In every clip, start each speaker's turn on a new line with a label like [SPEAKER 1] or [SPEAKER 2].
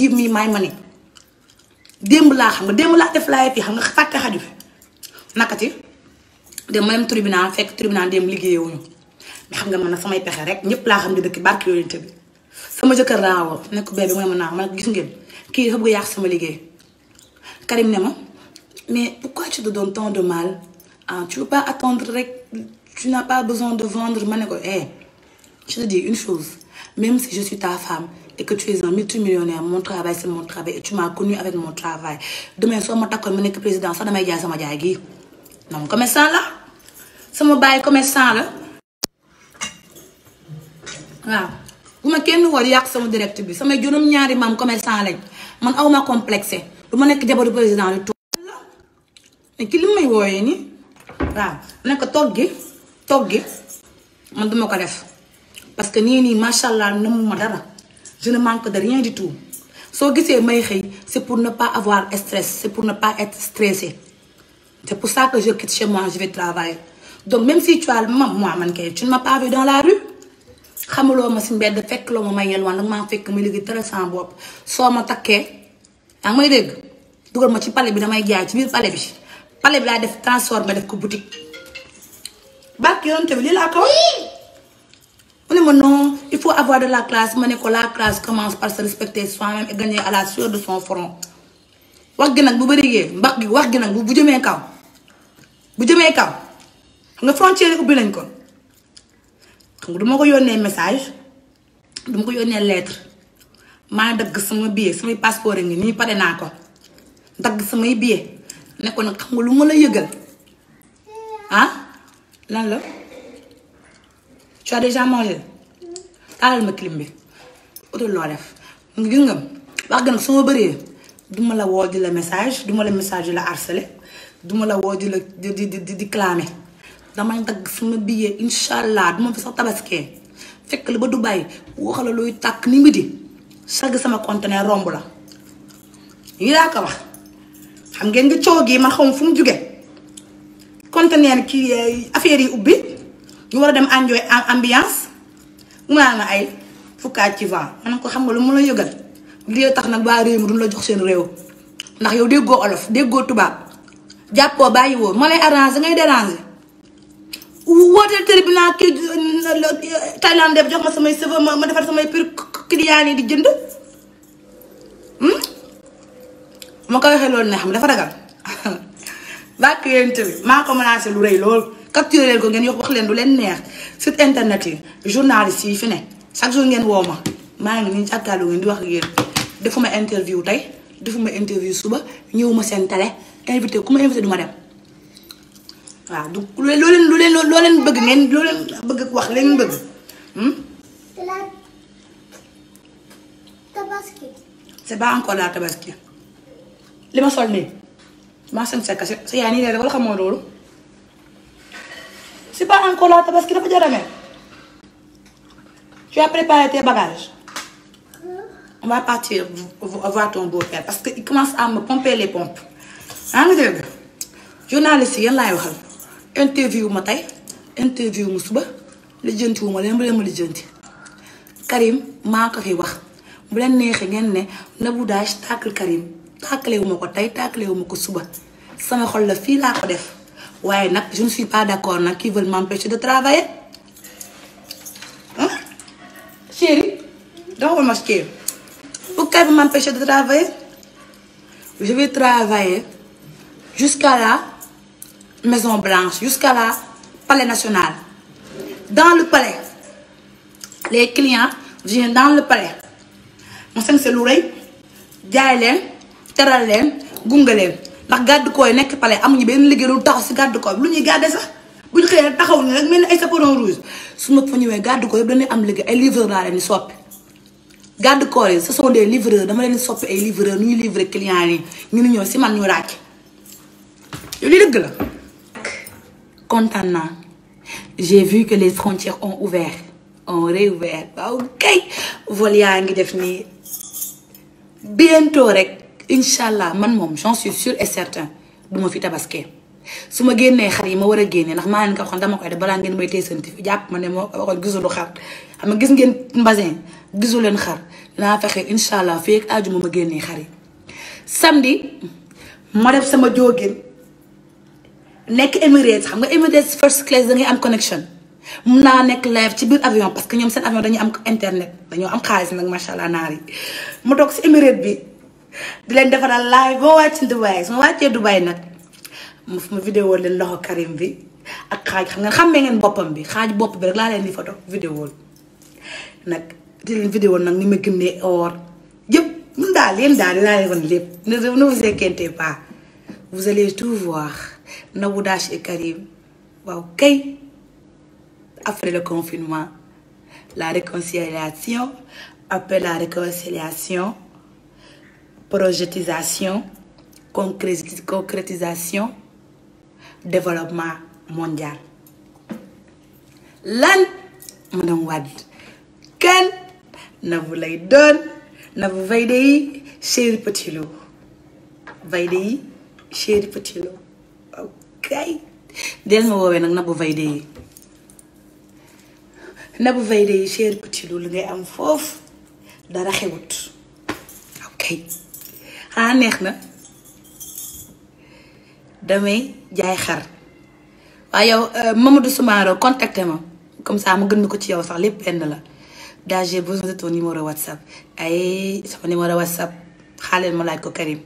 [SPEAKER 1] give me my money démb laa xam nga démb laa def laay yi xam nga fàtte xaju nakati dem ma dem tribunal fekk tribunal dem liggéeyewuñu mais xam nga man na samay pexe rek ñëpp laa xam ne dëkk barki yooyu te sama jëkkër laa woo nekk bébé mu ne gis ngeen kii dafa bëgg yàq sama liggéey Karim ne ma mais pourquoi tu te donnes tant de mal ah tu veux pas attendre rek tu n'as pas besoin de vendre ma ne ko eh je te dis une chose même si je suis et que tu es un multimillionnaire mon travail c'est mon travail et tu m'as connu avec mon travail demain soo ma takkoon mu nekk président sax damay jaay sama jaay gi non commerçant la sama baay commerçant la waaw bu ma kenn war yàq sama direct bi samay juróom-ñaari maam commerçant lañ man awma complexé du ma nekk jabaru président lu tuuti la mais ki li may wooyee nii waaw nekk toog gi toog gi man duma ko def parce que nii nii macha allah namu ma dara. je ne manque de rien du soo gisee may xëy c'est pour ne pas avoir stress c'est pour ne pas être stressé c'est pour ça que je quitte chez moi je vais travailler donc même si tu as ma moi man kay tu ne m'as pas dans la rue xamuloo ma si mbedd fekk loo ma may yelwaan nag maa fekk ma liggéey tere sans bopp soo ma takkee yaa may dégg dugal ma ci pale bi damay jaay ci biir palais bi palais bi laa def transformé def ko boutique. bàkk yonent bi lii laa ko mu ne ma non il faut avoir de la classe ma ne ko la classe commence par se respecter soi-même et gagner à la de son front wax gi nag bu bari bërigee mbax gi wax gi nag bu jëmee kaw bu jëmee kaw nga ko bi lañ ko xam nga duma ko yónnee message du ma ko yónnee lettre maa dagg sama billet samay passeport ngi nii pare naa ko dagg samay billet ne ko nag xam nga lu ma la yëgal ah lan la. tu as déjà mangé taalal ma clim bi utul loo def gis nga wax gën su ma bëree duma la woo la message duma la message di la harcelé duma la woo di la di di di clamé damay dagg sama billet incha allah duma fi sax tabaskee fekk la ba Dubaï waxala looy tàkk ni midi sag sama conteneur romb la yi daa ko wax xam ngeen nga coow gi ma fu mu jóge conteneur kii eh, affaire yi ubbi ñu war a dem enjoy ambiance mu naan la ay fukkaat ci vent man ko xam nga lu mu la yëgal tax nag waa réew mi duñ la jox seen réew ndax yow déggoo olof déggoo tubaab jàppoo bàyyiwoo ma lay arranger ngay déranger. wooteel tribunal kii Thaïlande bi jox ma samay sëfa ma ma defar samay pur client yi di jënd hmm? ma ko waxee loolu ne xam dafa ragal bàkk yéen tamit maa ko menacé lu rëy lool. capturé leen ko ngeen yox wax leen lu leen neex site internet yi journaliste yi fi ne chaque jour ngeen woo ma maa ngi nii jàkkaarloo di wax ak yéen defuma interview tey defuma interview suba ñëwuma seen télé invité ku ma invité du ma dem waaw du lu leen lu leen loo leen bëgg ngeen loo bëgg wax leen bëgg. tabaski. c'est pas encore la tabaski li ma sol nii maa seen sa kase sa yaay nii la wala xamoo loolu. c'est pas encore la tabaski dafa jar a mel. tu as préparé parce que il commence à me pomper les pompes. yaa ngi dégg journaliste yi yéen laay waxal interview ma tey interview ma suba lijjanti wu ma leen bu leen ma lijjanti Karim maa ko fi wax bu leen neexee ngeen ne Nabou Dash tàkkal Karim tàkkale ko tey tàkkale wu ma ko suba sama xol la fii laa ko def. waaye nag je ne suis pas d'accord nag qui veulent m'empêcher de travailler ah chérie doxal ma chérie pourquoi vous m'empêchez de travailler je vais travailler jusqu'à la Maison Blanche jusqu'à la Palais National dans le palais les clients viennent dans le palais ma sañ lu rëy jaay leen teral leen ndax garde corps yi nekk palais amuñu benn liggéey lu taxaw si gàddu corps bi lu ñuy garder sax bu ñu xëyee taxaw ñu rek mel ni ay chaperon rouge su ma fa ñëwee garde corps am liggéey ay livreur laa leen di soppi garde corps yi ce sont des livreurs dama leen soppi ay livreur ñuy livrer client yi ñu ni ñëw si man ñu ràcc yow li dëgg la kontaan naa j'ai vu que les frontières ont ouvert ont réouvert waaw kay vol yaa ngi def nii bientôt rek incha allah man moom j'en suis sûr et certain du ma fi tabaskee su ma génnee xar yi ma war a génnee ndax maa leen ko waxoon dama koy def balaa ngeen may teesanti fi jàpp ma ne moo waxoon gisulu xar xam nga gis ngeen mbasin gisu leen xar dinaa fexe incha allah fii ak aaju ma ma génnee xar yi samedi ma def sama joogin nekk Emirates xam nga Emirates first class da am connection mun naa nekk live ci biir avion parce que ñoom seen avion dañu am internet dañoo am xaalis nag macha allah naar di leen defaral live boo du Dubaay su ma wàccee Dubaay nag mu fi ma vidéo leen loxo Karim bi ak xaaj xam nga xàmmee ngeen boppam bi xaaj bopp bi rek laa leen di photo vidéo nag di leen vidéo nag ni ma gënee or yëpp mun daal yéen daal dinaa leen wan lépp Karim waaw kay après le confinement la réconciliation après la réconciliation projetisation concrétisation développement mondial a Madame Wade kan na bu lay doon na bu yi Chéri Petit Lo Veyde yi Chéri Petit Lo ok del ma woowee nag na bu Veyde yi na bu Veyde yi Chéri Petit Lo ngay am foofu dara xewut ok xanaa ah, neex na damay jaay xar waaye yow euh, Mamadou Soumaré contacté ma comme ça mu gën ma ko ci yow sax lépp benn la daa j'ai besoin de WhatsApp ay sama numéro WhatsApp xaaleel ma laaj ko Karim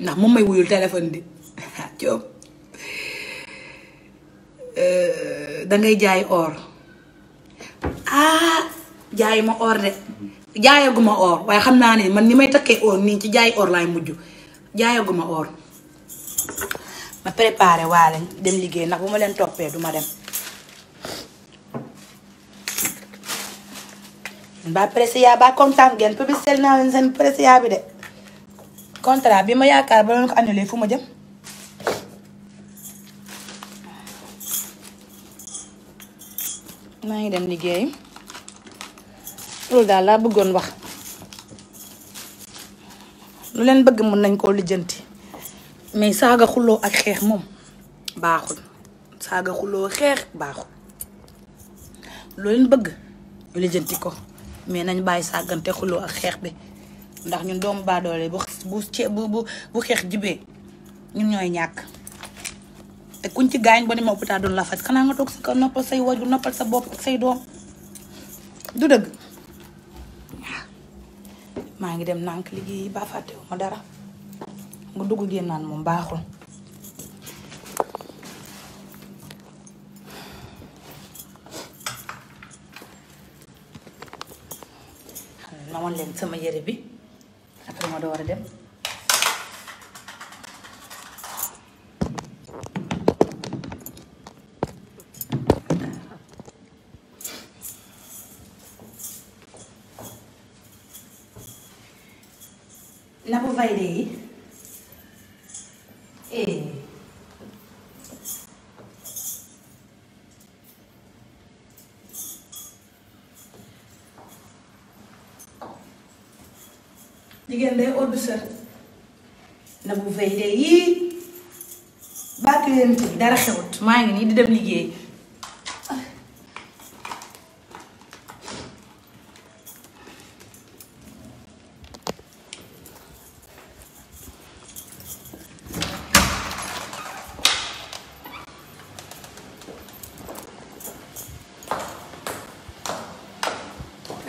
[SPEAKER 1] ndax moom may wuyul téléphone di euh, dangay jaay or ah jaay ma or de jaayaguma or waaye xam naa ne man ni may takkee or nii ci jaay or laay mujj jaayaguma or. ma préparé waale dem liggéey ndax bu ma leen toppee duma dem. ba Precia ba kontaan ngeen publicité naa leen seen Precia bi de. contrat bi ma yaakaar ba leen ko annulé fu ma jëm. maa ngi dem liggéey. loolu daal laa bëggoon wax lu leen bëgg mën nañ koo lijjanti mais saaga xuloo ak xeex moom baaxul saaga xuloo xeex baaxul lu leen bëgg lijjanti ko mais nañ bàyyi saagante xuloo ak xeex bi ndax ñun doomu baadoole bu bu bu xeex jibee ñun ñooy ñàkk te kuñ ci gaañ ba ne ma hôpital doon la faj xanaa nga toog sa kaw noppal say waju noppal sa bopp ak say doom du dëgg maa ngi dem nànk liggéey ba fàttewu ma dara nga dugg génnaan moom baaxul ma wan leen sama yére bi après ma door a dem Nabou Valdé yi eh jigéen day oddu sër Nabou Valdé yi bàkk leen dara xewut maa ngi nii di dem liggéey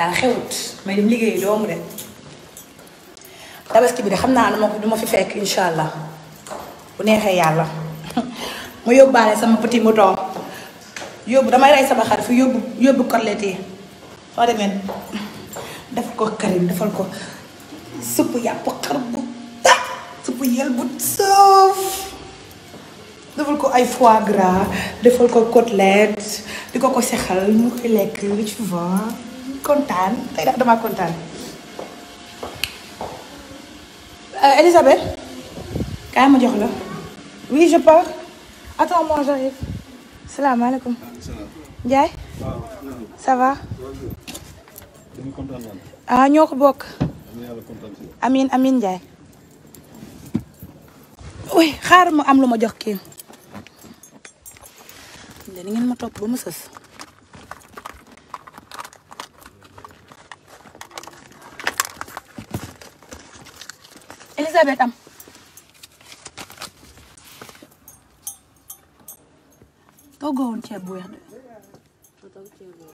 [SPEAKER 1] daal xewut may dem liggéeyi doomu de tabaski bi de xam naa ne moom ma fi fekk incha allah bu neexee yàlla mu yóbbaale sama petit mouton yóbbu damay rey sama xar fi yóbbu yóbbu côtelette yi ko defal ko supp yàpp xar bu tàkk supp yel bu soof defal ko ay fois gras defal ko côtelette di ko ko sexal mu koy lekk tu kontaan tey daal damaa kontaan euh, Elisabeth kaay ma la oui je pars attends moi j'arrive salaamaaleykum Ndiaye ça ah ñoo ko amin amin Ndiaye oui xaar mu am lu ma jox kii ngeen ma topp ba Elizabeth am ceeb bu weex de